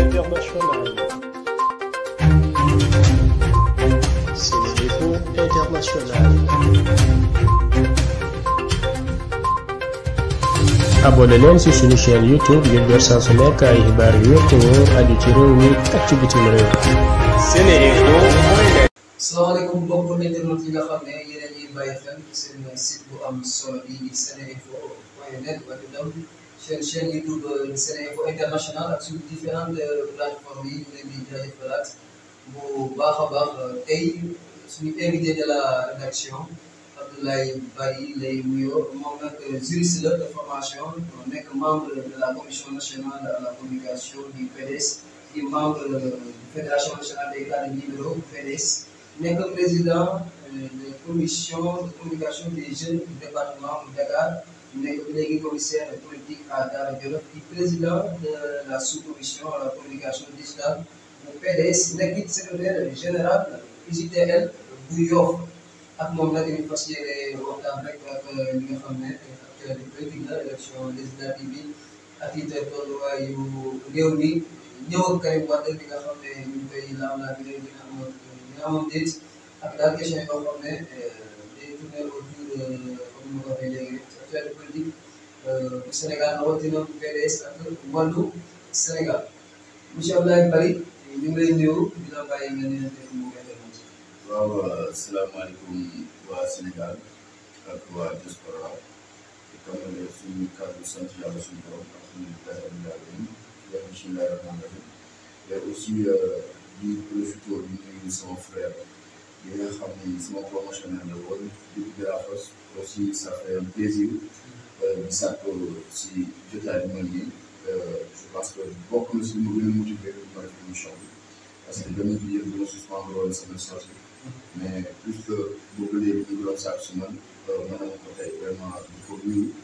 internationale. C'est l'info internationale. abonné leen ci suñu chaîne YouTube ngir jot saa su nekk ay xibaar yu wér te wóor aju ci réew mi ak ci bitim réew. salaamaaleykum mbokk internautes yi nga xam ne yéen a ngi bàyyi xel seen site bu am solo bi di seneinfo.net wala seen chaîne YouTube SeneInfo International ak sur a baax euh, tey suñu invité de la rédaction Abdoulaye Barry lay wuyoo moom nag juriste la de formation nekk membre de la commission nationale de la communication du PDS di membre euh, du fédération nationale des cadres libéraux PDS nekk président euh, de commission de communication des jeunes du département bu Dakar. délégué commissaire politique à Dara Djolof di président de la sous-commission à la communication digitale bu PDS nekk it secrétaire général UJTL bu Yoff ak moom nag ñu fas yéene waxtaan rek ak li nga xam ne actualité politique la élection législative bi ak it tolluwaayu réew mi ñëw ak Karim Wade bi nga xam ne ñu ngi koy laamlaa bi léegi dina amoon dina amoon déet ak daal question yoo xam ne eh, day tourner autour ñu ko fay léegi actualité politique bu Sénégal rawatina bu PDS ak wàllu Sénégal monsieur Abdoulaye Barry ñu ngi lay nuyu di la bàyyi nga ne leen mu ngi intervention. waaw asalaamaaleykum waa Sénégal ak waa diaspora di tàmbale suñu kàddu sant yàlla suñu borom ak suñu aussi euh, di profité di nuyu sama frère. yi nga xam ne sama promotionnaire la woon di Birafos aussi ça fait un euh, di sàkk si jotaay bi mel nii euh, je pense que si ma gën ma def émission bi parce que benn bi yëpp dina suspendre woon sama mais plus que boobu léegi ñu man euh, mën nañu ko vraiment di ko nuyu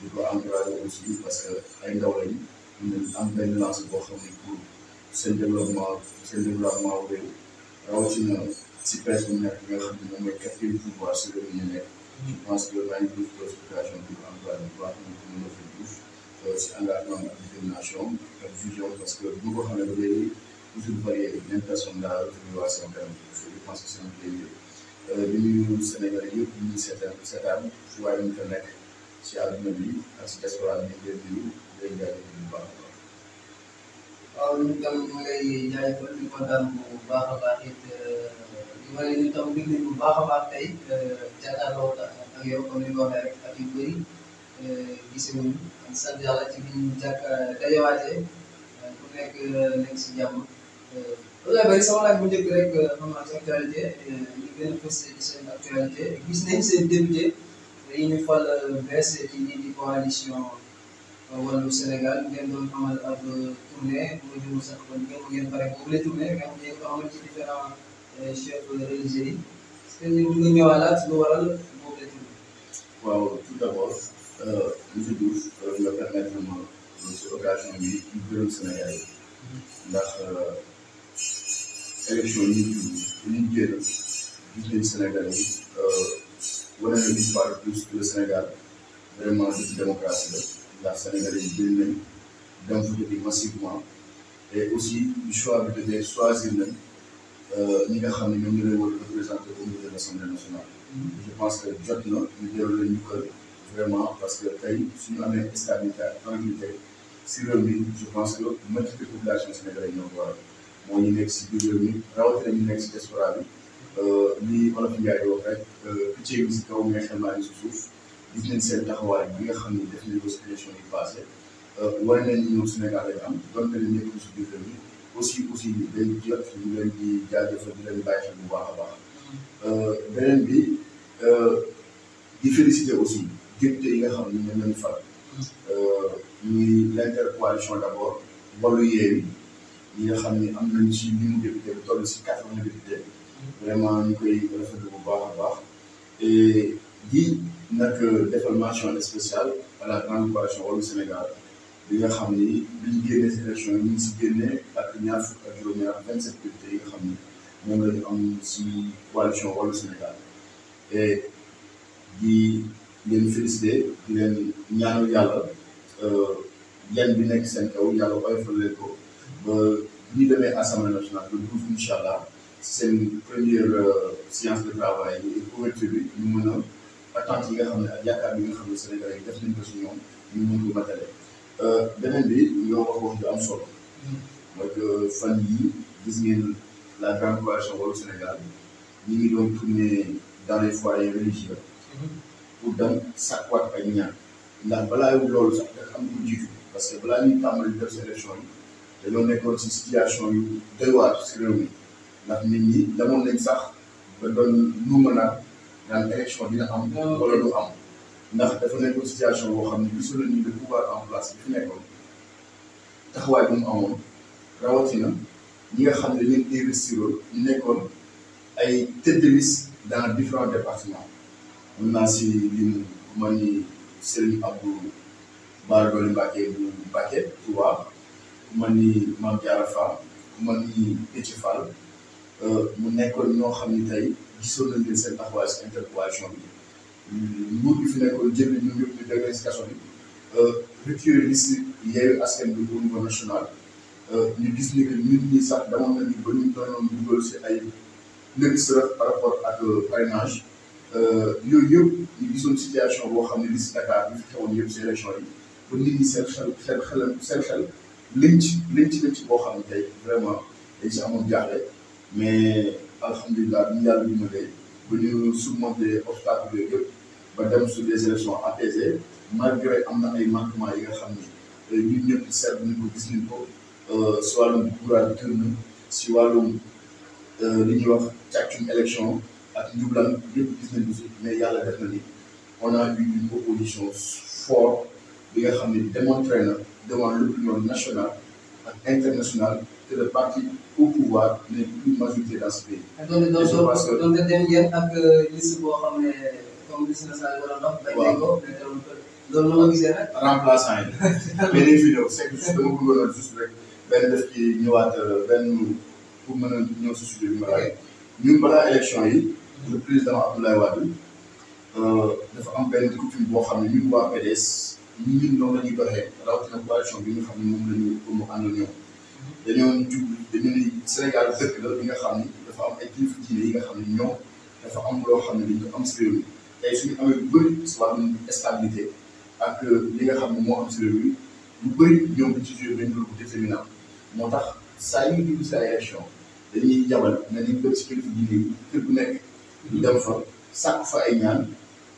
di ko encouragé aussi parce que ay ndaw lañu ñu am benn lancé boo si perte ñaar nga xam ne moom mooy quatrième pouvoir si réew mi ñu nekk. je pense que maa ngi def préoccupation bi emploi bu baax ñu mën a fa def si engagement ak détermination ak vision parce que bu ko xamee ba léegi toujours varié même personne là waa Sénégal je pense que c'est un plaisir euh, di nuyu Sénégal yëpp di nuyu seetaan seetaan fu waaye mu nekk si àdduna bi ak si diaspora bi ñu leen nuyu leen jaajëfal bu baax a baax. waaw ñun tam ñu ngi lay jaajëfal ñu kontaan bu baax a baax it. Euh, ma ne ñu tam dig nañ bu baax a baax tey euh, jàkkaarloo ak yow comme ni nga waxee rek ak yu bëri euh, gisewuñ sant yàlla ci biñ jàkk euh, dajawaatee ku nekk nekk si jàmm loolu bëri sama laaj bu njëkk rek xam naa seen actualité ñu gën a fës ci seen actualité gis nañ seen député yi ñu fal bees ci lii di coalition wàllu Sénégal ngeen doon amal ab tournée bu ñu sax kon ngeen pare boobu la tournée nga xam ne amal ci différents chef religieux yi est-ce que ñu ngi ñëwaat lu waral moom la waaw tout d'abord euh, monsieur Diouf nga permettre ma si occasion bi ñu Sénégal ndax euh, élection yi ñu génn gis nañu Sénégal yi euh, wane na une fois de plus que le Sénégal vraiment dëkk démocratie la ndax Sénégal yi génn nañ et aussi choix bi dafay choisir nañ Euh, ñi nga xam ne ñoom ñu lay war a représenté au niveau de l'Assemblée nationale. Mm-hmm. je pense que jot na ñu jëloon leen ñu kër vraiment parce que tey suñu amee stabilité ak tranquillité si réew mi je pense que majorité population sénégalaise ñoo ko waral moo ñu nekk si biir réew mi rawatina ñu nekk si diaspora bi euh, li Olof Ndiaye di wax rek euh, picc yi si kaw mais xelmaani si suuf gis nañ seen taxawaay bi nga xam ni def nañ ko si élection yi passé wane nañ ñoom Sénégal lañ am doon nañ aussi aussi day jot ñu leen di jaajëfal di leen bàyyi xel bu baax a baax euh, beneen bi euh, di félicité aussi député yi nga xam ne ñoom fa fal euh, muy l'intercoalition d'abord wàllu Yewwi ñi nga xam ni am nañ ci limu député toll si quatre-vingts député vraiment ñu koy rafetlu bu baax a baax et di nag defal mention spéciale à la grande coalition Wallu Sénégal bi nga xam ni bi ñu génnee si élection yi ñu ngi si génnee yi nga xam ni moom la ñu am si coalition Wallu euh, bi nekk seen kaw yàlla seen première euh, yi a nga xam ne ak yaakaar yi nga xam ne Sénégal yi def nañ ko si ñoom ñu mën ko matale. Euh, beneen bi ñoo waxoon lu am solo mooy fan yii gis ngeen la grande coalition Wallu Sénégal ñu ngi doon tourner dans les foyers religieux pour dem sàkkuwaat ay ñaan ndax balaa yow loolu sax dafa am lu jiitu parce que balaa ñuy tàmbali def sélection yi dañoo nekkoon si situation yu doy waar si réew mi ndax nit ñi demoon nañ sax ba doon lu mën a naan élection dina am ah, wala du am ndax dafa nekkoon situation woo xam ne gisul nañu le pouvoir en bi fi nekkoon taxawaay bi mu amoon rawatina ñi nga xam ne dañ leen investir ñu nekkoon ay tête de liste dans différents mun naa si lim ma ni Serigne Abdou Bara Dolly Mbacké bu Mbacké Touba ku ma ni Mame Diarra Fam ma ni Déthié euh, mu nekkoon ñoo xam ne tey gisoon nañ leen seen taxawaay si intercoalition bi. nguur gi fi nekkoon jëm ñu ñëpp ñu déggee si kaso bi rupture liste yeeyu askan bi au niveau national euh, ñu gis ni que nit ñi sax demoon nañu ba ñu doonoon dugal si ay lëgg-sërëf par rapport ak euh, parrainage euh, yooyu yëpp ñu gisoon situation boo xam ne liste Dakar bi fi xewoon yëpp si élection yi ba nit ñi seen xel seen xelam seen xel liñ ci liñ ci liñ ci boo xam ne tey vraiment dañ si amoon jaaxle mais alhamdulilah ñu yàlla ñu ma tey ba ñu surmonter obstacle yooyu yëpp. ba dem sur des élections apaisées malgré am na ay manquements yi nga xam ni ñun ñëpp seetlu nañ ko gis nañ ko si wàllum courage turne si wàllum li ñuy ak njublan ñëpp gis nañ ko yàlla def na ni on a eu une opposition forte nga xam ni démontré na devant l'opinion national ak internationale que le parti au pouvoir n'est plus majorité dans ak liste boo ne. comme gis na saa yu war a ndox. waaw loolu la ma gisee nag. remplaçant yi. pour mën a ñëw si studio bi ma laaj ñun balaa élection yi. le président Abdoulaye Wade dafa am benn coutume boo xam ne ñun waa PDS ñun noonu la ñuy doxee rawatina coalition bi nga xam ne moom la ñoom. dañu ni Sénégal dëkk la nga xam dafa am yi nga xam ne ñoom dafa am loo xam ne dañ ko am si tey suñu amee lu bëri si wàllum stabilité ak euh, li nga xam ne moo am si réew mi lu bëri ñoom dañ si joué benn rôle bu déterminant moo tax saa yu ñu dugg si ay élection dañuy jabal na ñu bëri si kër gi diine kër gu nekk ñu dem fa sàkk fa ay ñaan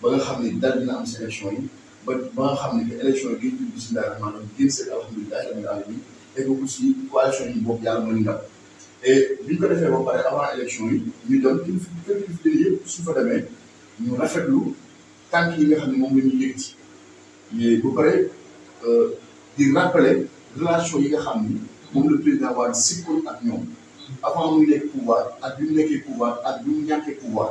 ba nga xam ne dal dina am si élection yi ba ba nga xam ne que élection yi dañ dugg bisimilah maanaam génn seen alhamdulilah rabbil alamin et que aussi coalition yi boobu yàlla mën ndam et bi ñu ko defee ba pare avant élection yi ñu dem kilifa kilifa yëpp su fa demee. ñu lu tànk yi nga xam ne moom la ñuy yëkkati mais bu pare euh, di rappeler relation yi nga xam ni moom la président Wade sikkoon ak ñoom avant muy nekk pouvoir ak bi mu nekkee pouvoir ak bi mu ñàkkee pouvoir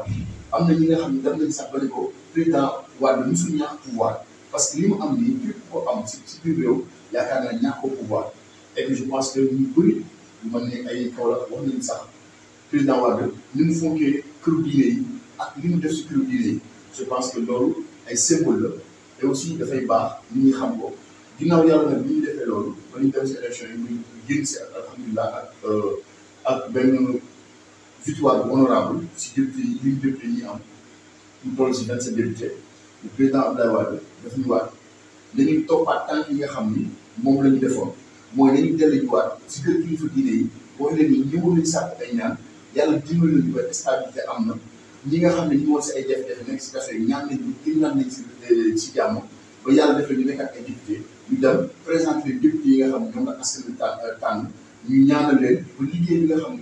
am na ñi nga xam ne dem nañ sax ba ne ko président Wade musul ñàkk pouvoir parce que li mu am ni képp ko am si si biir réew yaakaar naa ñàkkoo pouvoir ay Kaolack wax nañ mu fonkee kër diine yi. ak li mu def ci culture diine je pense que loolu ay symbole la te aussi dafay baax nit ñi xam ko ginnaaw yàlla nag ni ñu defee loolu ba ñu dem ci élection yi muy génn ci ak alhamdulilah ak euh, ak benn victoire mu député yi am ñu toll ci vingt-sept député le président Abdoulaye ñu waat nañu toppaat tànk yi nga xam ni moom la ñu defoon mooy nañu delluwaat ci kër kilifa diine yi wax leen sàkk ay ñaan yàlla dimbali nañu ba stabilité am na ñi nga xam ne ñu woon si ay jafe-jafe nekk si kaso yi ñaan nañu ñaan nañu si euh, si jàmm ba yàlla def ñu nekk ak ay député ñu dem présenté leen député yi nga xam ne ñoom la askan wi euh, tànn ñu ñaanal leen ba liggéey bi nga xam ne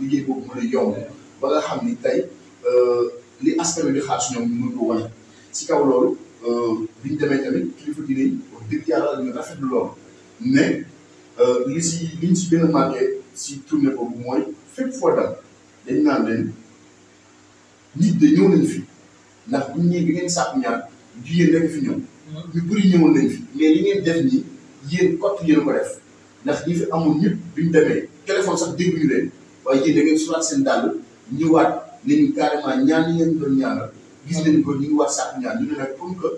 liggéey boobu mën a yomb ba nga xam ni tey euh, li askan wi di xaar si ñoom ñu mën ko wane kaw loolu bi demee tamit kilifa diine yi yàlla dañu loolu mais li si li ñu si gën a si tournée boobu mooy fépp foo dem. dañ naan leen nit de ñëw nañ fi ndax bu ñëwee bi ngeen sàkku ñaan jigéen rek fi mm-hmm. ñu bëri ñëwoon nañ fi mais li ngeen def nii yéen kott yéen ko def ndax ñi fi amul ñëpp bi ñu demee téléphone sax dégguñu leen waaye yéen da ñëwaat nañu carrément ñaan ñi ngeen doon ñaanal gis nañ ko ñu ngi waat sàkku ñaan ñu ne nag comme que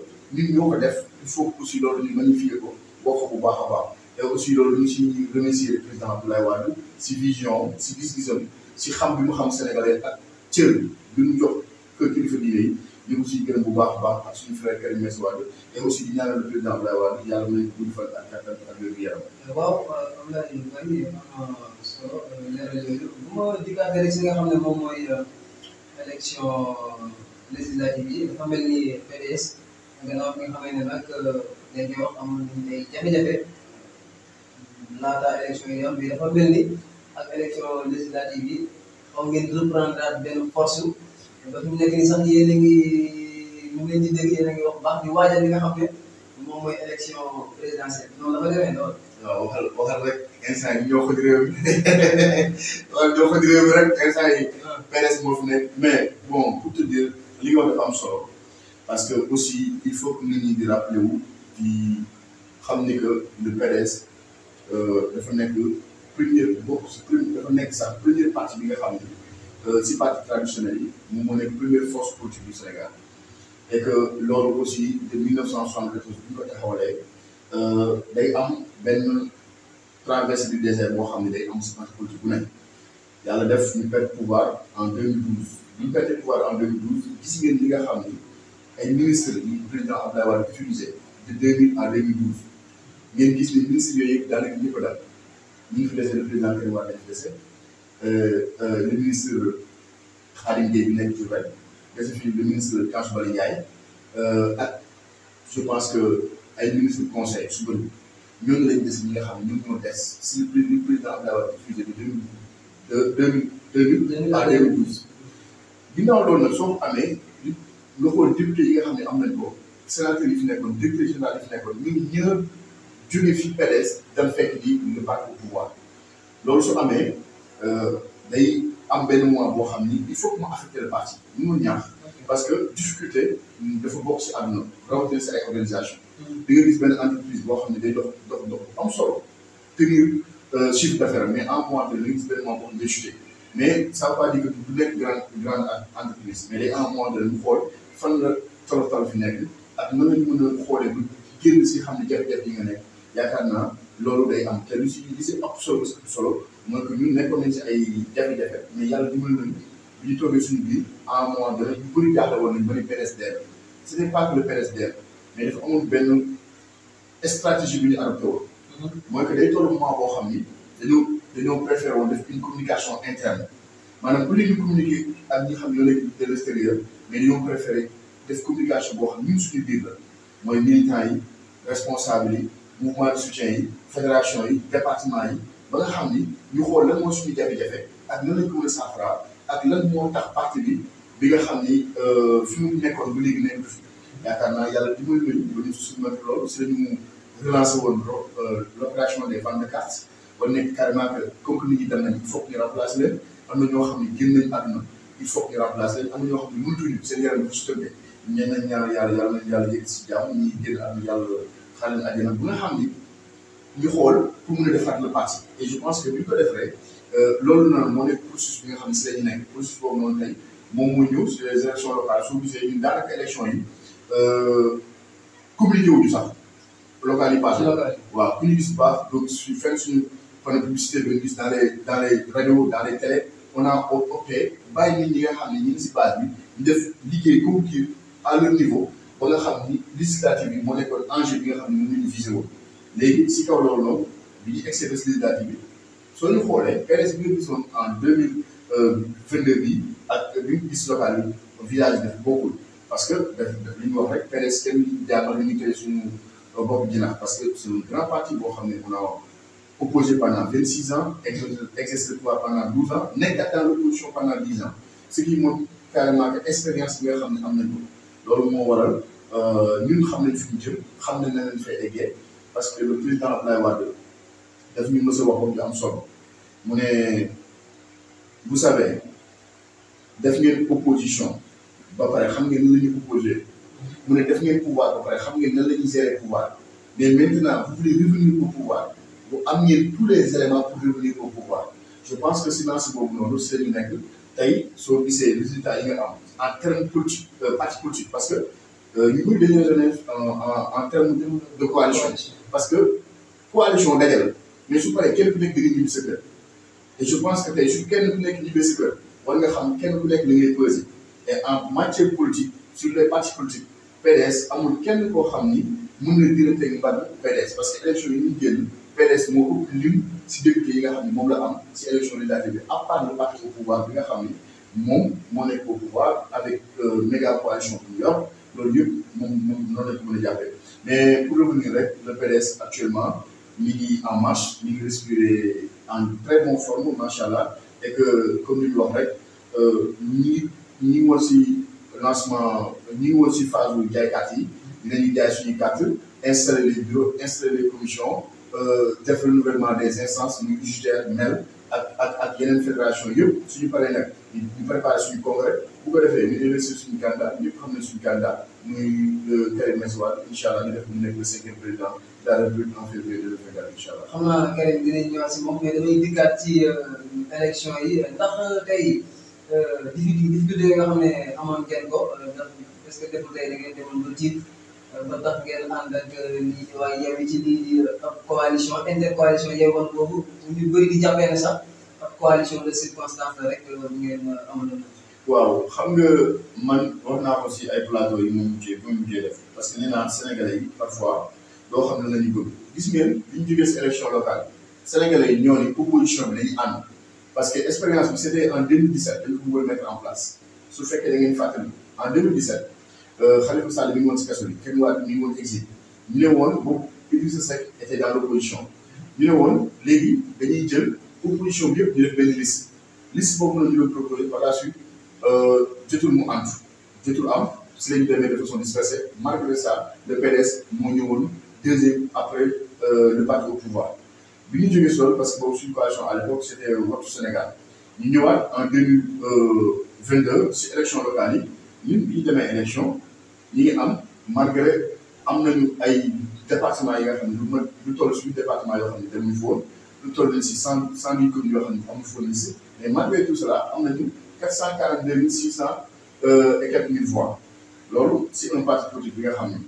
ñun ko def il faut aussi loolu ñu magnifier ko wax bu baax a baax et aussi loolu ñu si remercier le président Abdoulaye Wade si vision si gis-gisam si xam bi mu xam sénégalais ak cër bi jox kër kilifa diine yi ñu ngi siy gërëm bu baax baax ak suñu frère Karim Meïssa Wade et aussi di ñaanal le président Abdoulaye Wade yàlla may gudd fan ak kattan si nga xam ne moom mooy euh, élection législative yi dafa mel ni PDS gannaaw bi nga xam ne nag euh, dañuy wax jafe-jafe laata élection yi am bi dafa mel ni. ak élection législative yi xaw ngeen reprendre benn force ba fi mu nekk nii sax yéen a ngi ñu ngi leen di dégg yéen a ngi wax baax di waajal li nga xam ne moom mooy élection présidentielle noonu la fa demee lool. waaw waxal waxal rek instant yi ñoo ko di réew mi waaw ñoo ko di réew mi rek instant yi PDS moo fi nekk mais bon pour te dire li nga wax dafa am solo parce que aussi il faut que nit ñi di rappeler wu di xam ni que le PDS euh, dafa nekk. première bokk si première dafa nekk sax première partie bi nga xam ne si euh, parti traditionnel yi moom moo nekk première force politique du Sénégal et que loolu aussi de 1974 bu ñu ko taxawalee euh, day am benn traversée du désert boo xam ne day am si parti politique bu nekk yàlla def ñu perte pouvoir en 2012. bu ñu perte pouvoir en 2012 gis ngeen nga xam ay ministres yi président Abdoulaye Wade utilisé de 2000 à 2012 gis ni ministres yooyu yëpp daanaka ñu daal. ñu fi dese le président Karim Wade fi dese euh, euh, le ministre Khadim Gueye bi nekk Diourbel dese fi le ministre Tange Bally Ndiaye euh, ak je pense que ay ministre conseil su bëri ñooñu lañ des ñi nga xam ne ñoom ñoo des si le président Abdoulaye Wade fusé de deux mille deux mille à ah, deux mille douze ginnaaw loolu nag soo ko amee nga xool député yi nga xam ne am nañ ko sénateur yi fi nekkoon député général yi fi nekkoon ñun ñëpp jóge fi PDS dem fekk di le parti au pouvoir loolu su amee euh, day am benn mois boo xam ni il faut que mu affecté le parti mënul ñaax parce que difficulté mm, dafa bokk si àdduna rawatina si ay organisation hmm. di gis benn entreprise boo xam ne day dox dox dox am solo tenir euh, chiffre d'affaires mais en mois de léegi benn mois boo mais ça veut pas en mois de ñu xool fan la tolof fi nekk ak nan la ñu mën a xoolee ba génn si xam ne jafe-jafe yi nga nekk. yaakaar naa loolu day am te lu si li si ëpp solo si solo mooy que ñun nekkoon nañ si ay jafe-jafe mais yàlla dimbali à ñu bëri jaaxle woon nañu ba ni PDSDR ce n'est pas que le PDSDR mais dafa amul benn stratégie bi ñu adopté woon. Mhm. mooy que day toll moment boo xam ni dañoo dañoo préféré woon def une communication interne maanaam bu leen ñu communiquer ak ñi xam ne ñoo nekk de l'extérieur mais dañoo préféré def communication boo xam ñun suñu biir la mooy militants yi responsables yi. mouvement de soutien yi fédération yi département yi ba nga xam ni ñu xool lan mooy suñu jafe-jafe ak nan lañ ko mën ak lan moo tax parti bi bi nga xam ni euh, fi mu nekkoon ba léegi nekk fi yaakaar naa yàlla dimbali nañu ba ñu suñu mën loolu si lañu relancer woon euh, l'opération des ventes de cartes ba nekk carrément que comme que nit ñi dem nañ il faut que ñu leen am na ñoo xam ne génn nañ àdduna il faut que ñu remplacer leen am na ñoo xam ne mënatuñu seen yàlla yàlla nañ yàlla yëg xale àddina bu nga xam ni ñu xool pour mun a defaat le passé et je pense que bu ñu ko defee euh, loolu noonu moo nekk processus bi nga xam ne si la ñu nekk processus boobu noonu tey moom moo ñëw sur les élections locales soo gisee ñun daanaka élection yi euh, communiqué wu ñu sax locales yi passé waaw ku ñu gis baax donc su fenn suñu publicité bi nga gis dans les dans dans les télé on a opté bàyyi nit ñi nga xam ne ñi ngi si base bi ñu def liggéey comme kii à leur niveau ba nga xam ni législative bi moo nekkoon enjeu bi nga xam ni moom la ñu visé woon si kaw loolu noonu bi ñu excès de soo ñu xoolee PDS bi nga en deux mille euh, vingt bi ak bi ñu gis local bi village parce que daf daf li ñu wax rek PDS kenn jàppal ni ñu créé suñu euh, parce que c'est un grand parti boo xam ne on a opposé pendant vingt six ans exercé le pouvoir pendant douze ans nekk dans l'opposition pendant dix ans ce qui montre carrément que loolu moo waral. Euh, ñun xam nañ fi ñu jëm xam nañ ne leen fay eggee parce que le président Abdoulaye Wade daf ñu mës a waxoon am solo mu ne vous savez def ngeen opposition ba pare xam ngeen nan la ñuy mu ne def ngeen pouvoir ba pare xam ngeen nan la ñuy gérer pouvoir mais maintenant vous voulez revenir au pouvoir bu am ngeen tous les éléments pour revenir pouvoir je pense que silence boobu noonu seen nekk tey soo gisee résultat yi nga am en terme politique euh, parti politique parce que. ñu bëri dañoo donné en terme de coalition parce que coalition daje la mais su paree kenn ku nekk dangay ñibbi sa kër je pense que tey su kenn nekk ñibbee sa kër war nga xam kenn ku nekk li ngay peser et en matière politique sur les partis politiques PDS amul kenn koo xam ni mën na dirante ak mbàdd PDS parce que élection yi ñu génn PDS moo ëpp lim si député yi nga xam ni moom la am si élection législative bi à part le parti au pouvoir bi nga xam ni moom moo nekk au pouvoir avec euh, méga coalition loolu yëpp moom moom noonu la mais pour revenir rek le PDS actuellement mi ngi en marche mi ngi respirer en très bonne forme macha allah et que comme ni ñu wax rek euh, ñi ñi ngi woon si lancement ñi ngi woon si phase bu jaaykat yi dinañu jaay suñuy carte installer les bureaux installer les commissions euh, def renouvellement des instances muy judiciaire mel ak ak ak yeneen fédération yëpp suñu paree nag ñu préparer suñu congrès. bu ko defee ñu investir suñu candidat ñëpp xam ne suñu candidat muy euh, Karim Meïssa Wade incha allah ñu def mu daal di en février deux mille vingt quatre Karim dinañ ñëwaat si moom mais damay dikkaat ci euh, élection yi ndax euh, tey difficulté difficulté yi nga xam ne amoon kenn ko ndax est-ce que defu tey da ngeen demoon ba tiit ba tax ngeen ànd ak coalition intercoalition yeewoon boobu ñu bëri di jàppee ne coalition de circonstance la rek ngeen amoon. waaw xam nga man wax naa ko si ay plateau yi moom mujjee moom mujjee def parce que nee naa sénégalais yi parfois doo xam ne la ñu bëgg gis ngeen bi ñu jógee si élection locale sénégalais yi ñoo ni opposition bi dañuy ànd parce que expérience bi c'était en 2017 dañ ko bëggoon mettre en place su fekkee da ngeen fàttali en 2017 euh, Khalifa Sall mi ngi woon si kaso bi kenn waa mi ngi woon ñu ne woon boobu Idrissa Seck était dans l'opposition ñu ne woon léegi dañuy jël opposition bi yëpp ñu def benn liste liste boobu noonu ñu doon proposé Euh, jotul mu ànd jotul am si la de façon dispersée malgré ça le PDS moo ñëwoon deuxième après euh, le parti pouvoir bi ñu sol parce que boobu suñu coalition à l'époque c' était Wattu Sénégal ñu ñëwaat en deux mille euh, vingt deux élection locale yi ñun bi élection ñi ngi am malgré am nañu ay département yi nga xam ne lu ma lu toll suñu département yoo xam ne demuñu fa lu toll nii si cent cent mille communes yoo xam ne amuñu fa mais malgré tout cela am quatre cent quarante deux mille six cent euh, et quelques mille voix loolu si un parti politique bi nga xam ne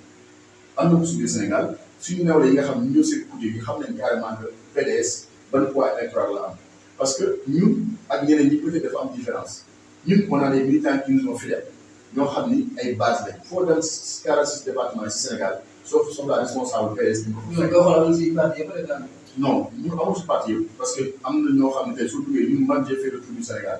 am na ko su biir Sénégal na nawle yi nga xam ne ñoo seen côté bi xam nañ PDS ban poids électoral la am parce que ñun ak ñeneen ñi peut-être dafa am différence ñun on a des militants qui nous ont fidèles ñoo xam ni ay base lañ foo dem si quarante six départements si Sénégal sauf soxla responsable PDS. ñun doo xoolal aussi parti yëpp rek non ñu amul si parce que am na ñoo xam ne tey soo duggee ñun man j'ai fait le tour du Sénégal.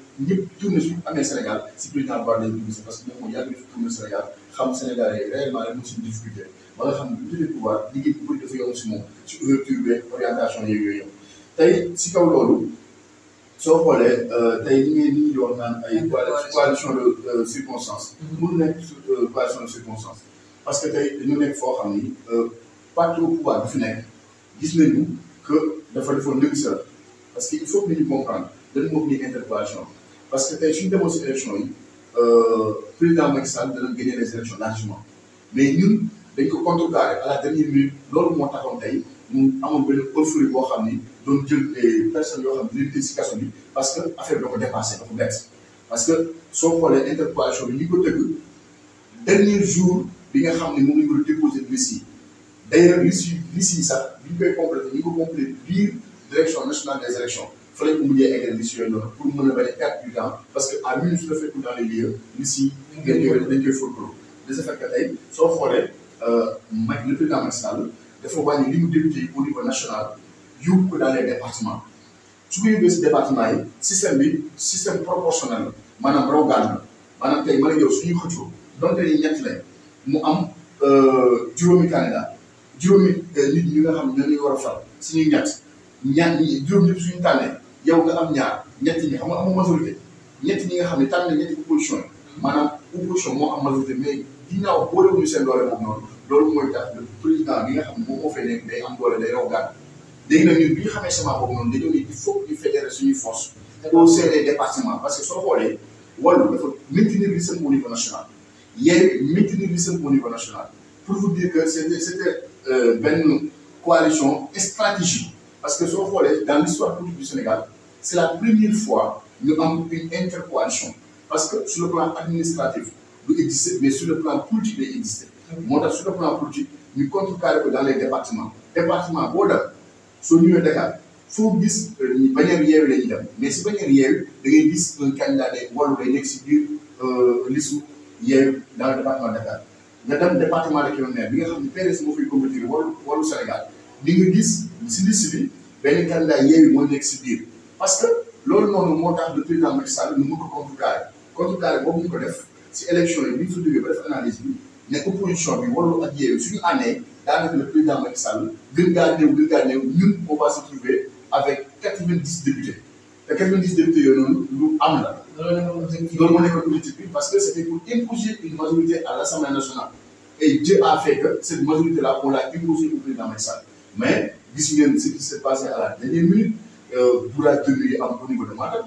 ñëpp tournée suñu amee Sénégal si président Ba lay dugg parce que moom moo yàgg def tournée Sénégal xam mu si moom soo xoolee euh, tey li ngeen ay coalition de euh, circonstance mënu mhm. nekk euh, coalition de circonstance parce que tey dañu foo xam ni parti au pouvoir bi nekk gis nañu que dafa defoon négociateur parce que il faut que ñu comprendre dañu moom ni interpellation parce que tey suñu demoon si élection yi euh, président Macky Sall dana gagné les élections mais ñun dañ ko contrecarré à la dernière minute loolu moo taxoon tey mu amoon benn euphorie boo xam ni doon jël des personnes yoo xam ne dañu bi parce que affaire bi da ko parce que soo xoolee interpellation bi ñu ko tëgg dernier jour bi nga xam ne moom la ñu ko déposé liste yi d'ailleurs liste yi sax bi ñu koy complété ñu ko complété biir direction nationale des élections fa lañ ko mujjee eggal ni si yooyu noonu pour mën a bañ a perte du temps parce que à minuit su la fekkul dans les si nga ñëwee dañ soo xoolee euh, Macky le président Macky Sall li mu député au niveau national yóbbu ko dans les départements su ko si département yi système bi système proportionnel maanaam raw gàll maanaam tey mën a yow suñuy mu am euh, juróomi candidat juróomi euh, nga xam ne ñoo ñuy war a fal suñuy ñett ñaan ñi juróom ñëpp suñu tànnee yow nga am ñaar ñett ñi xam nga amoo majorité ñett ñi nga xam ne tànn na ñetti opposition yi maanaam opposition moo am majorité mais ginnaaw boolewuñu seen doole boobu noonu loolu mooy tax le président bi nga xam ne moom moo fay nekk day am doole day raw gàtt léegi nag ñun bi ñu xamee semence boobu noonu dañoo ne il faut ñu fédérer suñuy force au sein des départements parce que soo xoolee wàllu dafa maintenir li seen au niveau national yéen maintenir pour vous dire que c'était c'était euh, benn coalition stratégique parce que soo xoolee dans l'histoire politique c'est la première fois ñu am une intercoalition parce que sur le plan administratif du exister mais sur le plan politique day exister moo tax sur le plan politique ñu contrecarrer ko dans les départements département boo dem soo ñëwee Dakar foo gis euh, bannière Yewwi la ñuy dem mais si bannière Yewwi da ngay gis un candidat day Wallu day nekk si biir euh, listu Yewwi dans le département de Dakar nga dem département de Kébémer bi nga xam ne PDS moo fay compétir Wallu Wallu nga gis si bi benn candidat Yewwi moo nekk si biir parce que loolu noonu moo tax le président Macky Sall ñu mën ko contrecarrer contrecarrer boobu ñu ko def si élection yi bi ñu fa duggee ba def analyse bi ne opposition bi Wallu ak Yewwi suñu àndee daanaka le président Macky Sall gën gaa néew gën gaa néew ñun on va se trouver avec quatre-vingt-dix députés te quatre-vingt-dix députés yooyu noonu lu am la. loolu moo nekkoon politique bi parce que c'était pour imposer une majorité à l'Assemblée nationale et Dieu a fait que cette majorité là on l'a imposée au président Macky Sall mais gis ngeen ce qui s'est bourraterie yi am au niveau de Matam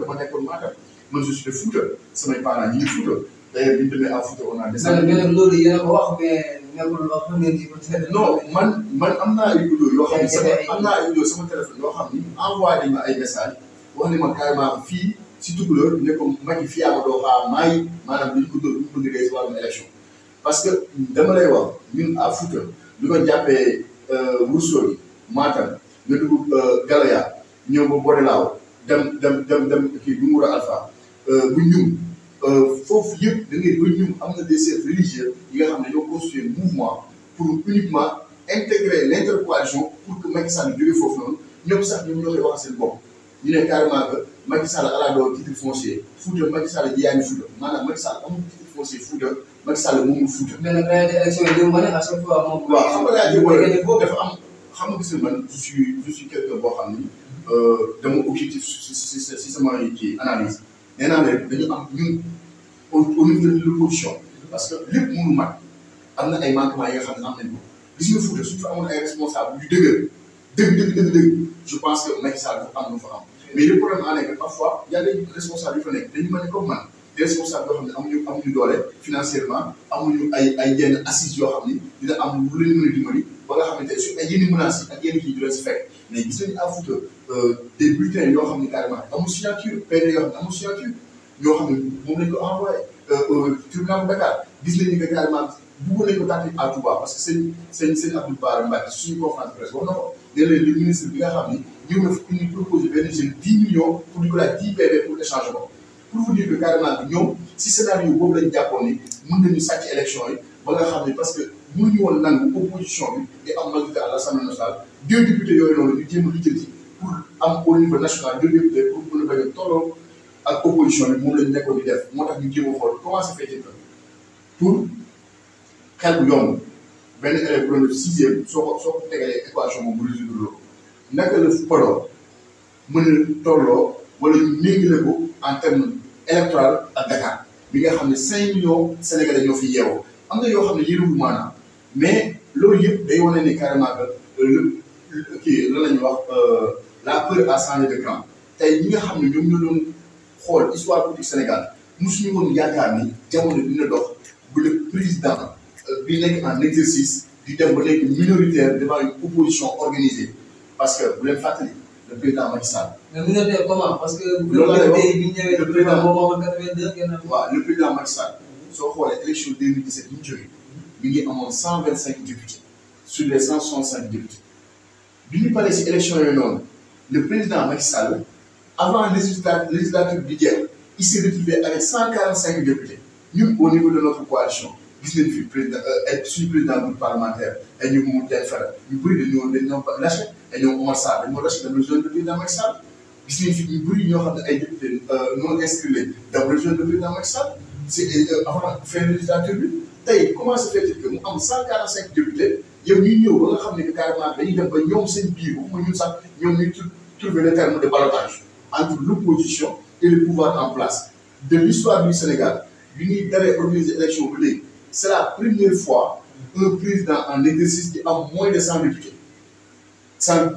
dama nekkoon Matam man je suis samay parents ñu ngi Fouta bi ñu a. des années mais loolu a ko wax man man am naa ay naa yoo xam ni envoyé ma ay message wax ne fii si Tukulóor fii ak doo xaa maay parce que dama lay wax ñun à Fouta jàppee Wourossogui Matam. nga dugg euh, Galaya ñëw ba Borelao dem dem dem dem kii Dunguura Alpha euh, bu ñum euh, foofu yëpp da ngay ba ñum am na des chefs religieux yi nga xam ne ñoo construire mouvement pour uniquement intégrer l'intercoalition pour que Macky Sall jógee foofu noonu ñoom sax ñoom ñoo koy wax seen bopp ñu ne carrément que Macky Sall ala doon foncier Fouta Macky Sall ji yaa ngi maanaam Macky Sall amul titre foncier Fouta Macky Sall moomul Fouta. mais nag a à am. xam nga gis nga man je suis je boo xam ni euh, dama objectif si si si sama kii analyse nee naa leen dañu am ñun au niveau de l'opposition parce que lépp mënu mat am na ay manquements yi xam ne am nañ fa amoon ay responsables yu dëgër dëgg dëgg dëgg que Macky du am fa am mais le problème en est que parfois y a des responsables fa nekk dañu mel ni comme man des responsables yoo xam ne am amuñu doole financièrement amuñu ay ay yenn assises yoo xam ni dina am lu leen mën a dimbali. ba nga xamante ne sur ay yenn menaces yi ak yenn kii mais gis nañu à Fouta euh, des yoo xam ne carrément amul signature PV yoo xam ne amul signature yoo xam ne moom lañ ko envoyé euh, euh, tribunal bu Dakar gis nañu que carrément bëggoon nañu ko parce que seen seen seen Abdou Bara Mbacké suñu conférence presse wax na ko léeg ministre bi nga xam ni ñëw na fi ñu proposé benn jeune dix millions pour dix PV pour échanger pour vous dire que carrément ñoom si scénario boobu mënuñu woon nangu opposition bi di am majorité à l'Assemblée nationale deux députés yooyu noonu ñu jéem a lijjanti pour am au niveau national deux députés pour mën a ak opposition bi moom lañ nekkoon ñu jéem a xool comment ça pour xel bu yomb benn élève bu doon def sixième soo ko soo mën a tolloo wala ñu méngale ko en électoral ak Dakar bi nga xam ne cinq millions sénégalais ñoo fi yeewoo am na yoo xam ne yëriwul maanaam mais loolu yëpp day wane ni carrément que kii lan la ñuy wax euh, la peur a changé de camp tey ñi nga xam ne ñu ñoo doon xool histoire politique Sénégal mosuñu woon yaakaar ni jamono dina dox bu le président euh, bi nekk en exercice di dem ba nekk minoritaire devant une opposition organisée parce que bu leen fàttali le président Macky Sall. mais minoritaire comment parce que. loolu la le président waaw le président Macky soo xoolee élection 2017 bi ñu jógee. mi ngi amoon cent vingt cinq députés sur les cent soixante cinq députés bi ñu paree si élection yooyu noonu le président Macky Sall avant législative législative bi di jeex il s'est retrouvé avec cent quarante cinq députés ñun au niveau de notre coalition gis nañu fi président ay euh, parlementaire ay ñoom Momadou Diagne Fada ñu bëri dañu woon dañu ñoo lâché ay ñoom Omar Sarr dañu moo lâché dem rejoindre le président Macky Sall gis nañu fi ñu bëri ñoo xam ne ay députés euh, tey comment se fait-il que mu am 145 députés yow ñuy ñëw ba nga xam ne que carrément dañuy dem ba ñoom seen biir waxuma trouver le terme de ballottage entre l'opposition et le pouvoir en place de l'histoire du Sénégal bi ñuy daree organiser élection ba léegi c'est la première fois un président en exercice qui am moins de cent députés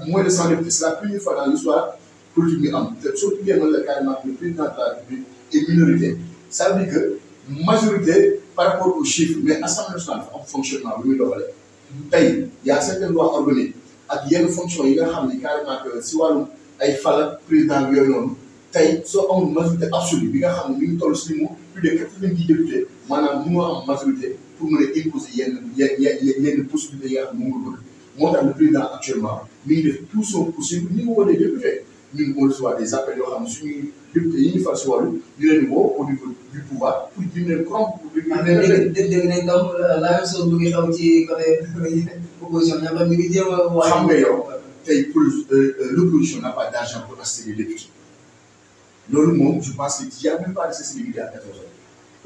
moins de cent députés c'est la première fois dans l'histoire politique bi am te pour tuddee noonu la carrément le de la République par rapport au chiffre mais assemblée nationale dafa am fonctionnement bu muy doxalee tey y' a certaines lois organiques ak yenn fonction yi nga xam ni carrément que si wàllum ay fala président yooyu noonu tey soo amul majorité absolue bi nga xam ne mi ngi toll si mu plus de quatre-vingt-dix députés maanaam mënoo am majorité pour mën a imposer yenn yenn yenn possibilités yi nga xam ne moom la bëgg moo tax le président actuellement mi ngi def tout son possible ni mu wëree député. ñun on reçoit des appels yoo xam ne suñuy député yi ñu far si wàllu di pour jëm leen corrompre. ah dégg dégg nañ donc la même chose mu ngi xaw ci côté opposition ñoom tam ñu ngi jéem a. waaye xam euh, euh, pas d'argent pour assister les députés loolu moom je pense que il y a de sensibilité à 14 ans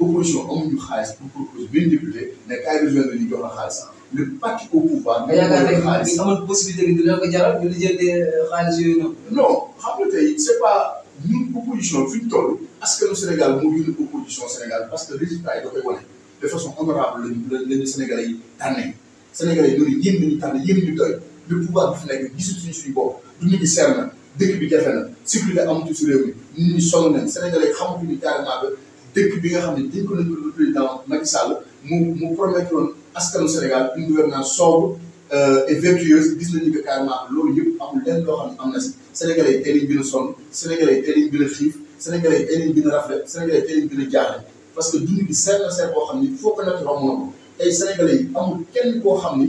opposition amuñu xaalis pour proposer benn député ne kaay rejoindre ñu jox la xaalis le parti au pouvoir. nga yaakaar ne xaalis amul possibilité bi dina ko jaral ñu lijjatee euh, xaalis yooyu noonu. xam nga tey c' est pas ñun opposition fi ñu toll askanu Sénégal moo yónni opposition Sénégal parce que yi da koy wane de façon honorable lañu tànnee yi loolu ñu tànn yéen ñu doy bi fi nekk gisatuñu suñu bopp du nit ñi seer na dëkk bi jafe na sécurité amatu si réew mi nit ñi sonn nañ Sénégalais xamatuñu carrément ba dëkk bi nga xam ne dénk ko le président Macky mu askanu Sénégal une gouvernance sobre euh, et vertueuse gis nañu que carrément loolu yëpp amul lenn loo xam ne am na si sénégalais yi tey lañ gën a sonn sénégalais yi tey lañ gën a xiif sénégalais yi tey lañ gën a rafle sénégalais yi tey lañ gën a jaaxle parce que dund gi seer na seer boo xam ni foo ko natt romb na ko tey sénégalais yi amul kenn koo xam ni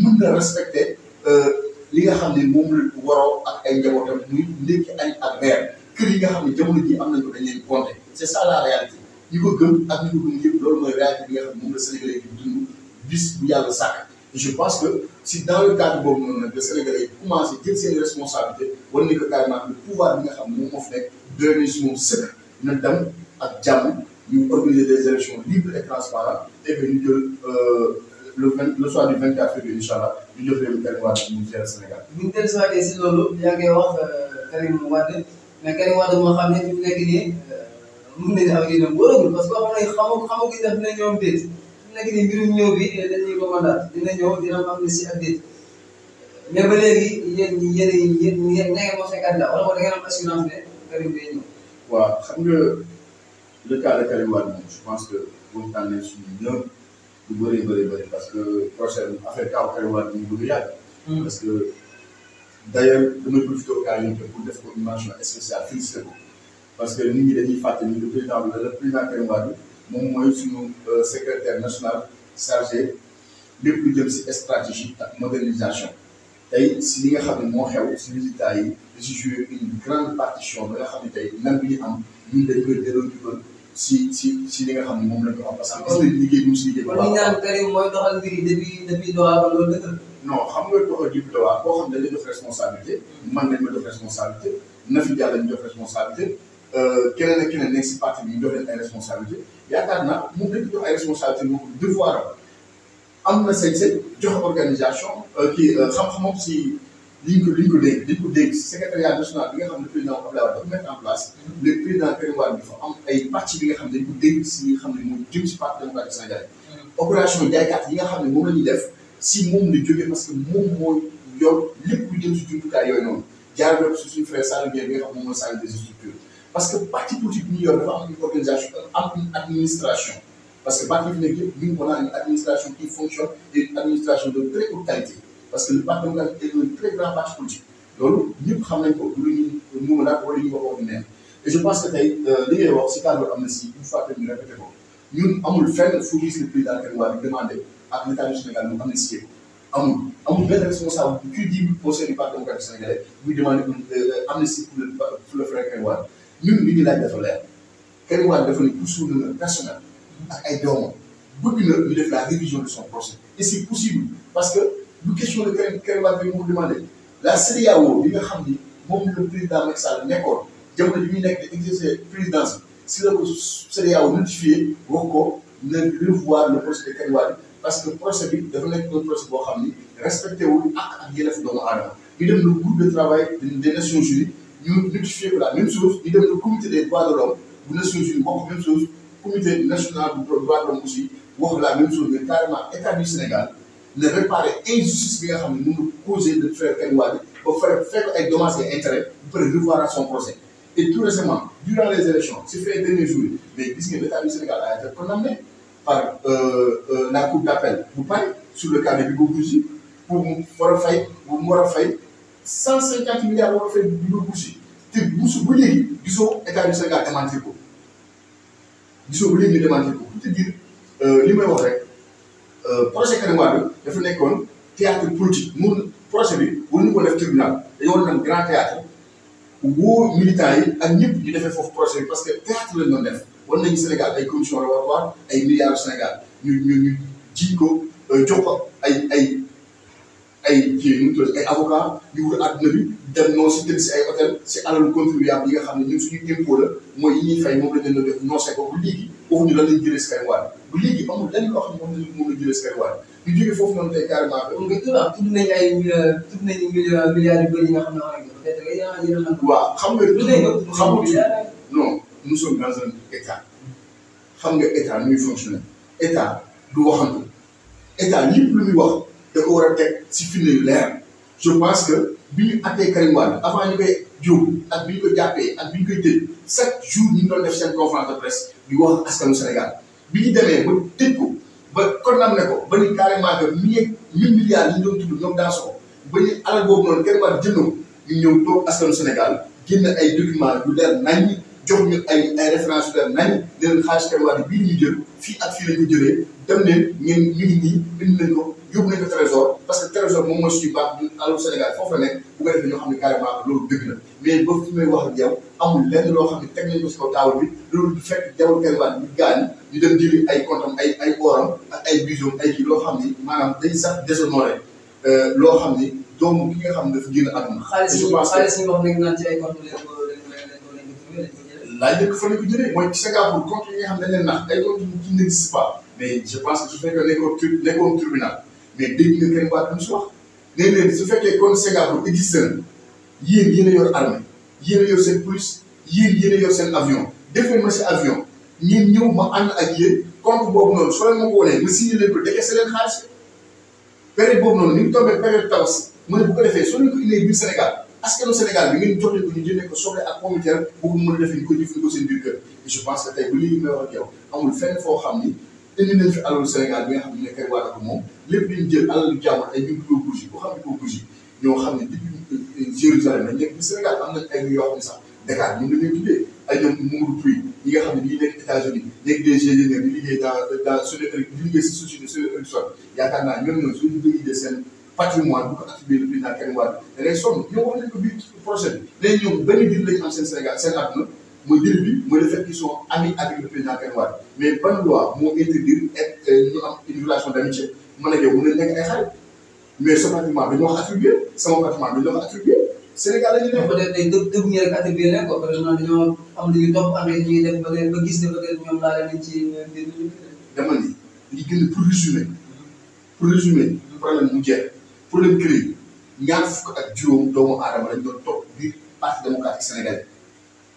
mën na respecté euh, li nga xam ni moom la waroo ak ay njabootam muy ndékki añ ak reer kër yi nga xam ne jamono ji am nañ ko dañ leen compté c'est ça la réalité ñi ko gëm ak ñi ko gëm yëpp loolu mooy réalité bi nga xam ne moom la sénégalais yi dund bis bu yàlla sàkk je pense que si dans le cadre boobu noonu nag le Sénégalais yi commencé jël seen responsabilité war nañu ko carrément pouvoir bi nga xam moom moo fi nekk doy nañu si moom sëkk na dem ak jàmm ñu organiser des élections libres et transparentes et que ñu jël euh, le vingt le soir du 24 février incha allah ñu jël leen Karim Wade mu jël Sénégal. bu ñu si waatee si loolu yaa ngi wax euh, Karim Wade mais Karim Wade moo xam ne fi mu nekk nii euh, mën que ne xamu xamu gi def nekk ni mbirum ñëw bi dañuy commandant dina ñëw dina am ne si ak déet mais ba léegi yéen ñi yéen yéen ñi ña ngeen wax ne candidat wala wala da ngeen am assurance ne Karim day ñëw. waaw xam nga le cas de Karim Wade moom je pense que bu ñu tànnee suñu ñëw du bëri bëri bëri parce que prochaine affaire kaw Karim Wade ñu bëgg yàgg. Hmm. parce que d' ailleurs dama profité occasion pour def ko une mention spéciale félicité ko parce que nit ñi dañuy fàtte ni le président bi la le président Karim Wade. moom mooy suñu euh, secrétaire national chargé lépp lu jël si stratégie ak modernisation tey si li nga xam ne moo xew si résultats yi da si joué une grande partition ba nga xam ne tey lan bi ñu am ñun dañ koy delloo jubal si si si li nga xam ne moom la ñu am liggéey bu mu si liggéey. waaw waaw li ñu naan Karim mooy xam nga doxal ji bi Doha boo xam ne dañu def responsabilité man nañ ma def responsabilité na fi jàll ñu def responsabilité euh, keneen ak keneen nekk si parti bi ñu jox leen responsabilité yaakaar na moom dañ ko jox ay responsabilité moom devoir am na sañ-sañ jox organisation euh, kii euh, xam moom si liñ ko liñ ko ko dégg si secrétariat national bi nga xam ne président Abdoulaye Wade dafa en place le président ay pàcc bi nga xam ne dañ si nga xam ne moom jëm si parti démocratique sénégalais mm. opération jaaykat yi nga xam moom la ñuy def si moom la jógee parce que moom mooy yor lépp lu jëm si jumtukaay yooyu noonu jaarale ko si suñu frère Saliou Guèye bi nga xam moom mooy Saliou des parce que parti politique bi ñu yor dafa am une organisation am une administration parce que parti bi nekk yëpp ñun on a une administration qui fonctionne et une administration de très haute qualité parce que le parti démocratique est un très grand parti politique loolu ñëpp xam nañ ko lu ñu muumalaat wala ñu wax ordinaire et je pense que tey euh, li ngay wax si cadre amnistie une fois que ñu répété ko ñun amul fenn fu gis le président Karim Wade demandé ak l'état du Sénégal mu amnistie ko amul amul benn responsable bu kii di conseil du parti démocratique sénégalais buy demandé euh, amnistie pour le pour le frère Karim Wade ñun li ñu laaj dafa leer Karim Wade dafa ne poursuivre na personnel ak ay doomam bëgg na ñu def la révision de son procès et possible parce que lu question de Karim Karim Wade bi mu demandé la CEDEAO li nga xam ni moom la président Macky Sall nekkoon jamono bi muy nekk di exercer présidence si la ko CEDEAO notifié wax revoir le procès de Karim Wade parce que procès bi dafa nekk un procès boo xam ni respecté wu ak ak yelleef doomu aadama ñu dem le groupe ñu rectifier la même chose ñu dem le comité des droits de l'homme bu Nations Unies wax même chose comité de l'homme aussi wax la même chose mais carrément état du Sénégal ne réparer injustice bi nga xam ne mën na causer de faire kenn waaj ba faire fekk ay dommages et intérêts pour revoir son procès et tout récemment durant les élections ces faits derniers jours mais gis nga l'état du Sénégal a été condamné par euh, euh, la cour d'appel bu Paris sur le cas de Bibo pour war a fay war a fay. cent cinquante milliards la war a fay dina bougé te musu ba léegi gisoo état du Sénégal démentir ko gisoo ba léegi ñu démentir ko te dire euh, li rek euh, projet Karim dafa nekkoon théâtre politique mun projet bi waruñu ko def tribunal dañoo war a dem grand théâtre woo militants yi ak ñëpp ñu defee foofu projet parce que théâtre lañ doon def war nañu Sénégal ay commission la war a war ay milliards Sénégal ñu ñu ñu ko euh, jox ay ay. ay kii nu mu ay avocat di wër àdduna bi dem noonu si jënd si ay hôtel si alalu contribuable yi nga xam ne ñun suñu impôt la mooy yi ñuy fay moom la ñu def noosee ko bu léegi foofu ñu lan lañ jëlee si Karim Wade bu léegi amul lenn loo xam nga xam ne wax nañ ko xam ko xam nga non wax da war a teg si firnde yu leer je pense que bi ñu attee Karim Wade avant ñu koy jóg ak bi ñu ko jàppee ak bi ñu koy tëj chaque jour ñu doon def seen conférence de presse di wax askanu Sénégal bi ñu demee ba tëj ko ba ne ko ba ni carrément que mille milliards yi ñu doon tudd ñoom dansoo ba ni alal boobu noonu Karim Wade jënd ko ñu ñëw toog askanu Sénégal génn ay documents yu leer naññ. jox ñu ay ay référence yu nañ ne leen xaalis Kayewade bii ñuy jël fii ak fii la ñu jëlee dem leen ngeen ñu ngi nii bind nañ ko yóbbu nañ ko trésor parce que trésor moom mooy suñu baax ñun alalu Sénégal foofu la nekk bu ko defee ñoo xam ne carrément loolu dëgg na mais ba fi may wax ak yow amul lenn loo xam ne teg nañ ko si kaw taabal bi loolu du fekk jarul Kayewade ñu gaañ ñu dem jëli ay comptam ay ay oram ak ay bisom ay kii loo xam ni maanaam dañ sax déshonoré euh, loo xam ni doomu ki nga xam ne dafa génn àdduna. xaalis yi xaalis yi wax nañ naan ci ay comptes laaj njëkk fa la ko jëlee mooy Singapour compte yi nga xam ne dañ leen naan ay compte qui n'existe pas mais je pense que su fekkee nekkoon tur nekkoon tribunal mais dégg nga kenn baat mu si wax leen su fekkee kon Singapour existe na yéen yéen a yor armée yéen a yor seen police yéen yéen a yor seen avion defee ma si avion ñun ñëw ma ànd ak yéen compte boobu noonu soo leen ma ko wanee ma signé leen ko décaissé leen xaalis boobu noonu ni mu tombé période bu ko defee soo leen ko indee askanu Sénégal bi ngeen joxe ko ñu jëndee ko pense que tey foo xam ni indi nañ fi Sénégal bi nga xam ne kay waata ko moom lépp dañ jël alalu jàmbur ñoo xam ne depuis euh, Jérusalem nañ nekk Sénégal am nañ ay ñu yoo xam nga xam ne ñi nekk États-Unis nekk des généraires di liggéey dans dans société di liggéey si société société électronique yaakaar naa ñoom ñoo patrimoine bu ko attribué le président Karim Wade da ngay sonn ñoom wax nañ ko biir projet bi léegi ñoom benn dir lañu am seen Sénégal seen àdduna mooy dir bi mooy le fait qu'ils sont amis avec le président Karim Wade mais ban loi moo interdire et euh, ñu am une relation d'amitié mën a yow mën nañ nekk ay xarit mais sa patrimoine dañoo wax attribué sama patrimoine dañoo wax attribué Sénégal la ñu nekk. peut-être day dë dëgg ñu rek attribué leen ko vraiment dañoo am lu ñu topp amee ñuy def ba ba gis ne peut-être ñoom laale nañ ci euh, mbir mi. dama ni li gën a pour résumer pour résumer problème mu jeex. problème créé ñaar fukk ak juróom doomu aadama lañ doon topp biir parti démocratique sénégalais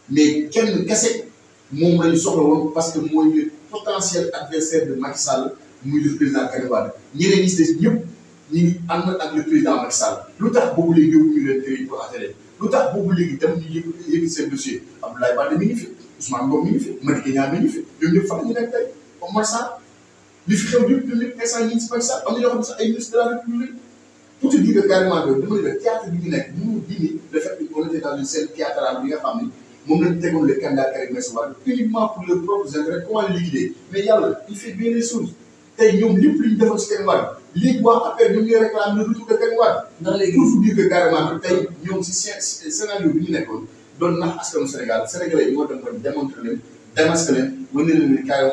mais kenn kese moom lañu soxla woon parce que mooy le potentiel adversaire de Macky Sall muy le président Karim Wade ñeneen ñi si des ak le président lu tax boobu léegi yóbbu ñu leen créé seen dossier Abdoulaye Wade mi ngi fi Ousmane Ngom mi ngi fi Madické Niang mi ngi fi ñu nekk tey Omar Sarr li fi xew yëpp ñoom ñëpp instant ñi am ne sax ay pour te dire que carrément loolu dama ne la théâtre bi ñu nekk mënul dindi le fait qu'on était dans une scène théâtrale bi nga xam ni moom lañ tegoon le candidat Karim Meïssa Wade uniquement pour leurs propres intérêts comment liquider yàlla il fait bien les choses tey ñoom lépp lu ñu defoon si Karim Wade waa affaire ñu ngi réclame le retour de Karim Wade ndax léegi pour vous dire que carrément tey ñoom si scénario bi ñu nekkoon doon nax askanu Sénégal sénégalais yi moo dem ko démontré leen démasqué leen wane leen ne que Karim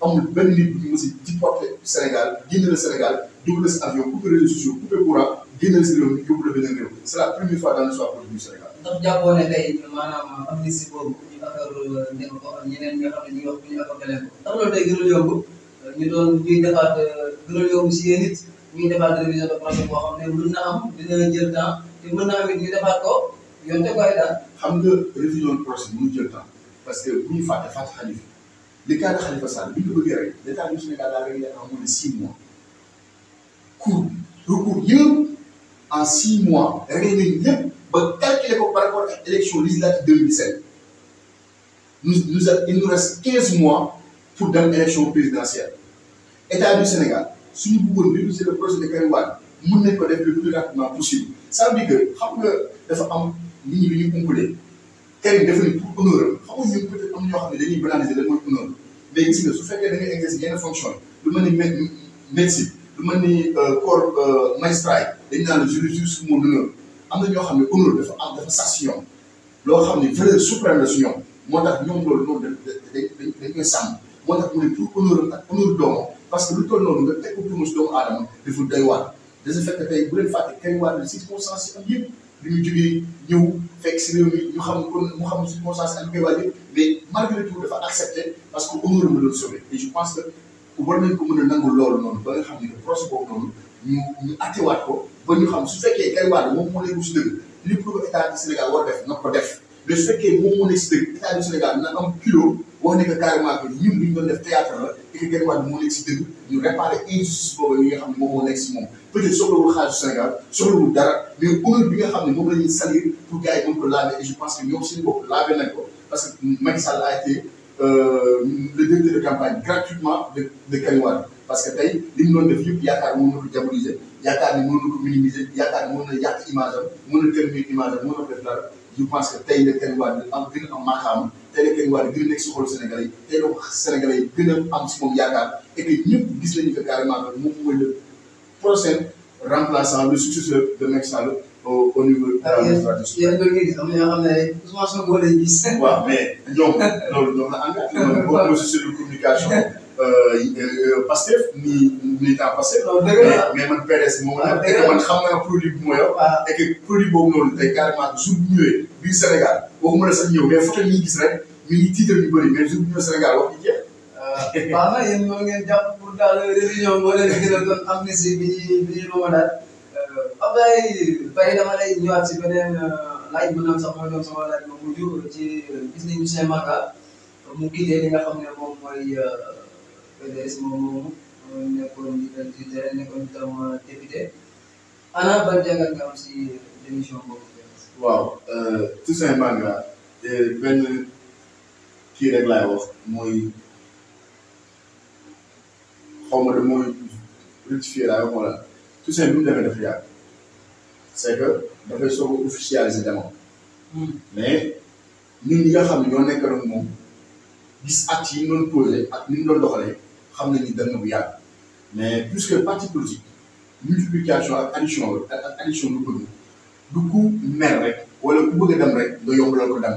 amul benn nit bu mos a porté Sénégal génne la Sénégal dugg la si avion coupé réseaux sociaux coupé courant génne la si réew mi yóbbu la beneen réew c'est la première fois dans l'histoire politique du Sénégal. ndax jàppoo ne tey maanaam am na si boobu ñu affaire euh, ndem ko ak ñeneen ñoo xam ne ñu wax bu ñu affaire leen ko. ndax loolu day gën a yomb ñu doon ñuy defaat euh, gën a yomb si yéen it ñuy defaat révision de projet boo xam ne mën na am dina jël temps te mën na am it ñu defaat ko yonte ko ay daal. xam nga révision de projet mu jël temps parce que bu ñu fàtte fàtte xalifa le cas de Khalifa Sall bi ñu ko bëggee rek l'état du Sénégal daa réglé en six mois cour recours yëpp en six mois réglé nañu lépp ba calculé ko par rapport ak élection législative 2017 nous nous il nous reste quinze mois pour dem élection présidentielle état du Sénégal suñu bëggoon réviser le projet de Karim Wade mën nañ ko def le plus rapidement possible ça veut que xam nga dafa am nit ñi ñu umpalee Karim def nañ pour honneur am xam nga ñun peut être am ñoo xam ne dañuy banaliser rek mooy honneur mais gis nga su fekkee da ngay exercer yenn fonction lu mel ni mé médecine lu mel ni euh, corps euh, magistrat yi dañu naan je le jure sur am na ñoo xam ne honneur dafa am sax si ñoom loo xam ne valeur suprême la si ñoom moo tax ñoom loolu noonu dañ dañ dañ koy sàmm moo tax mu ne pour parce que lu toll noonu nga teg ko pour mos doomu aadama dafa doy waar de ce fait que tey bu si am li ñu jógee ñëw fekk si réew mi ñu xam kon mu xam circonstance ak mbéwaay yëpp mais malgré tout dafa accepté parce que honneur la doon sauvé et je pense que war nañ ko mën a nangu loolu noonu ba nga xam ne procès boobu noonu ñu ñu attewaat ko ba ñu xam su fekkee kay waat moom moo leen wu si dëgg li pour état du Sénégal war def na ko def. de su fekkee moom moo nekk si dëgg état Sénégal na am kilo wax ne que carrément que doon def théâtre la et que Guédiawaye nekk si dëgg ñu réparé injustice boobu yi nga xam ne moom moo nekk si moom peut être soxlawul xaalisu Sénégal soxlawul dara mais honneur bi nga xam ne moom la ñuy salir pour gars yi mën ko laver et je pense que ñoom suñu bopp laver nañ ko parce que Macky Sall a été euh, le directeur de campagne gratuitement de de Guédiawaye parce que tey li ñu doon def yëpp yaakaar mën je pense que tey la Karim Wade am gën a am maaxaam tey la Karim Wade gën a nekk si xolu tey la Sénégalais yi gën a am si moom yaakaar et que ñëpp gis nañu que carrément que moom mooy le prochain remplaçant le successeur de Macky Sall au au niveau. de l'administration yéen yéen gis am na ñoo xam ne Ousmane Sonko lañ gis. waaw mais ñoom loolu ñoom la engagé. loolu bokk na si communication. Euh, euh, euh, Pastef nii nii taa Pastef. mais man PDS moom ah, la. dëgg man xam naa produit bu ma yor. Ah. et que produit boobu noonu tey carrément jour bu ñëwee biir Sénégal boo mën a sax ñëw mais photo yi gis rek mi ngi tiital ñu bëri mais jour bu ñëwee Sénégal wax dëgg yàlla. waaw waaw yéen ñoo ngeen jàpp pour daal réunion moo leen gën a doon amnistie bi ñuy bi ñuy loo daal. Abdoulaye Baye dama lay ñëwaat si beneen laaj bu sax mooy doon sama laaj bu mujj ci gis nañu Saint Manga mu gisee li nga xam ne moom mooy. PDS moom moomu nekkoon leader nekkoon tam ah, député ana ban jàngat nga waaw euh, Toussaint Manga euh, benn kii rek laay mooy xaw ma de mooy rectifier laay wax wala Toussaint bi mu demee dafa yàgg c'est dafay soog a officialiser hmm. mais ñun ñi nga xam ne ñoo nekk rek moom gis at yi ñu doon posé ak ni ñu xam nañu dem na bu mais plus que parti politique multiplication ak addition ak lu bëgg du ku mer rek wala ku bëgg a rek nga yombalal ko dem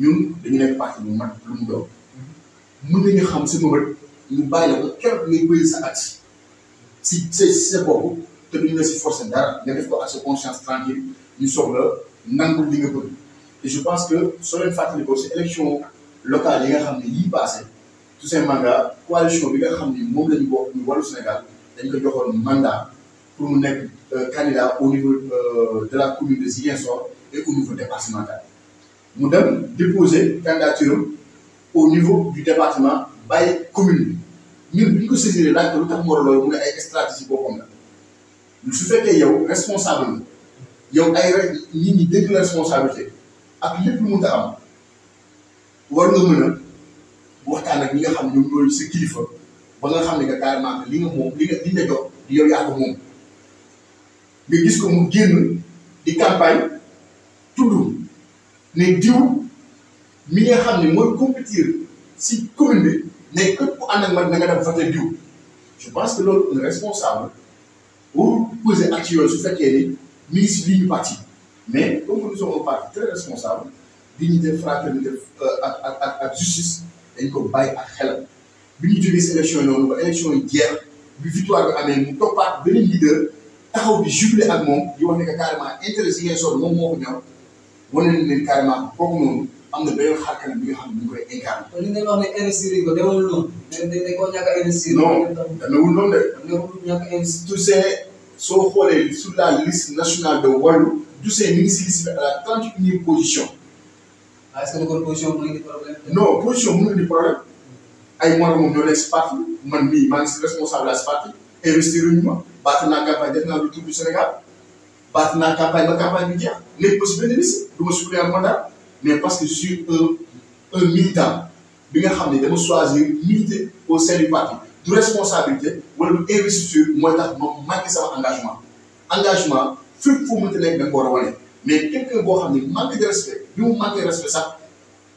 ñun dañu nekk parti bu mag lu mu doon ñu nañu xam sa mëbët ñu bàyyi la ko keroog ngay bëri sa at si sa si sa bopp te duñu la si forcer dara nga def ko a sa conscience tranquille ñu soxla nangul li nga bëgg et je pense que soo leen fàttali ko si élection locale yi nga xam ne yii passé Toussaint Manga coalition bi nga xam ni moom la ñu bokk ñu wàllu Sénégal dañ ko joxoon mandat pour mu nekk euh, candidat au niveau euh, de la commune de Ziguinchor et au niveau départemental mu dem déposer candidature au niveau du département bàyyi commune bi ñun bu ñu ko saisiree laaj ko lu tax mu war a loolu mu ne ay stratégie boppam la su fekkee yow responsable la ay rek nit ñi dégg la ak lépp lu mënta am war nga mën waxtaan ak ñi nga xam ne ñoom ñooy sa kilifa ba nga xam ne que carrément li nga moom li nga li nga jox di yow yaa moom nga gis ko mu génn di campagne tudd ne diw mi nga xam ne mooy compétir si commune bi ne képp ku ànd ak man na nga dem voté diw je pense que loolu un responsable pour poser acte yooyu su fekkee ni mi ngi si ligne mais comme nous sommes un parti très responsable dignité fraternité euh, ak ak ak justice. dañ ko bàyyi ak xelam bi ñu jógee si élection noonu ba élection yi jeex bi victoire bi amee mu toppaat beneen leader taxaw di jubilé ak moom di wax ne que carrément ngeen soxla moom moo ko ñor wane nañ leen carrément kooku noonu am na beneen xar kanam bi nga xam ne dañ koy incarné. kon wax ne investir ko demul noonu. dañ dañ a investir. non demewul noonu de. demewul soo xoolee sur la liste nationale de Wallu tu sais mi ngi si position. ah est position mu ngi di problème. non position mu ngi ay moromam ñoo nekk si man mii maa si responsable la si parti investir ñu ma baat naa campagne def naa lu tur du Sénégal baat naa campagne ba campagne bi jeex nekk ba si benn liste du ma suppléer mais parce que je un un militant bi nga xam ne dama choisir militer au sein du parti du responsabilité wala du investiture mooy tax ma manqué sama engagement engagement fépp foo mënti nekk da nga ko war a wane mais quelqu'un boo bi mu manqué respect sax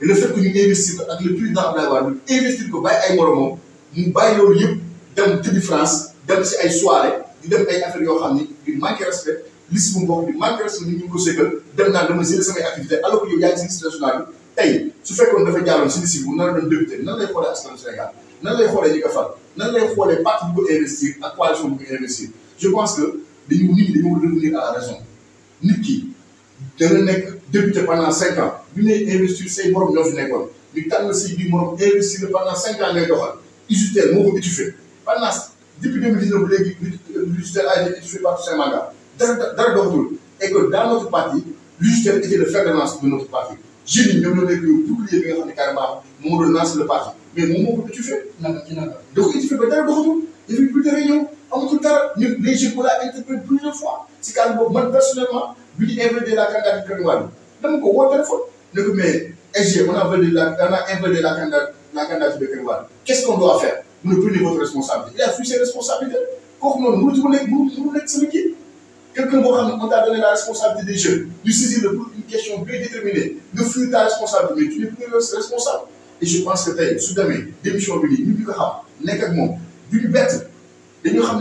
le ñu investir ko ak le président Abdoulaye ay moromam mu bàyyi loolu yëpp dem tëddi France dem si ay soirée di dem ay yoo xam ni di manqué respect liste bu ni ñu ngi ko sékkal dem naa dama gérer si liste nationale bi su fekkoon dafa jaaroon si liste bu nar a doon député nan lay xoolee askan Sénégal nan lay xoolee ñi ko fal nan lay xoolee parti bu ko investir ak coalition bu je pense que dañu nit ñi dañu war a raison nit ki dana nekk député pendant cinq ans bu ñu lay investir say morom ñoo fi nekkoon ñu tànn say biir morom investir pendant cinq ans ngay doxal UGTEL moo ko étouffé pendant depuis deux mille dix bu léegi l'UGTEL a été étouffé par tous ses dara dara doxatul et dans notre parti l'UGTEL était le fer de lance de notre parti jeunes ñoom ñoo nekk yow bouclier bi nga xam ne carrément moo doon lancer le parti mais moom moo ko étouffé. naka ci naka da ko ba dara a plus dama ko woo téléphone ne ko mais on a validé la on a la candidature la candidature de Karim Wade qu'est-ce qu'on doit faire ne prenez votre responsabilité il a fui ses responsabilités kooku noonu mënatu ma nekk mënatu nekk sama kii quelqu'un boo t'a donné la responsabilité des jeunes ñu saisir le pour une question bien déterminée nga fuir ta responsabilité mais tu n'es plus responsable et je pense que tey su demee démission bi nii ñun ñu ko ne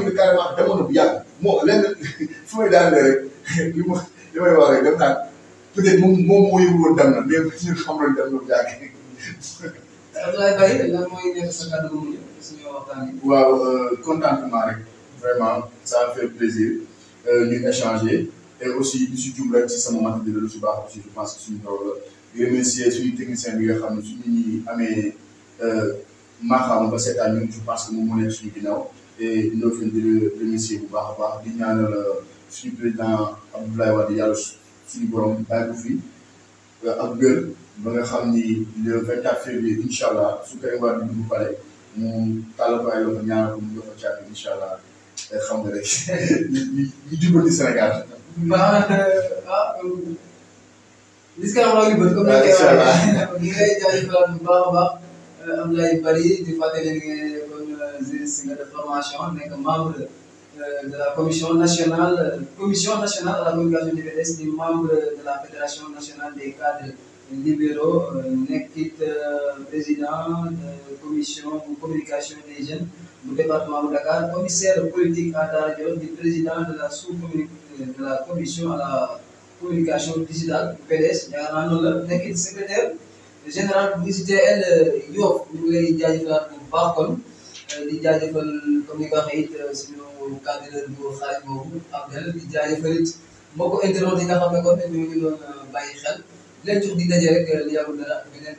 que carrément demoon na bu yàgg moo lenn fu may daanee rek peut être moom moom moo yëngu dem na mais suñu xam nañ dem na bu yàgg. Abdoulaye Baye lan mooy nekk sa kàddu bu suñu waxtaan bi. waaw euh, contentement rek vraiment ça fait plaisir euh, ñu échanger et aussi di si jum rek si sama matériel lu si baax aussi je pense que suñu tool la di remercier suñu technicien bi nga xam ne suñu amee. Euh, maaxaama ba seetaan ñun je pense que moom moo nekk suñu ginnaaw et ñoo fi di remercier bu baax a baax di ñaanal suñu président Abdoulaye Wade yàlla suñu borom bàyyi fi euh, ak wér ba nga xam ni le 24 février incha allah su koy war di pare mu tàllabaay loxo ñaar ko mu jox ko caabi incha allah xam nga rek ñu ñu jubali Sénégal. ah ah. gis nga am na comme ni nga ñu ngi lay jaajëfal bu baax a baax euh, Abdoulaye Barry di fàttali ne kon euh, si nga def formation nekk membre. de la commission nationale, commission nationale à la communication du PDS di membre de la fédération nationale des cadres libéraux nekkit président de commission de communication des jeunes département bu Dakar commissaire politique de la sous de la communication digitale bu PDS yaakaar naa noonu la nekkit secrétaire général bu UJTL Yoff ñu ngi lay di jaajëfal comme ni nga waxee it euh, suñu candidat bu xaaj boobu Abdel di jaajëfal it mbokku internautes yi nga xam ne kon ñu ngi doon euh, bàyyi xel leen jox di daje rek euh, li a dara beneen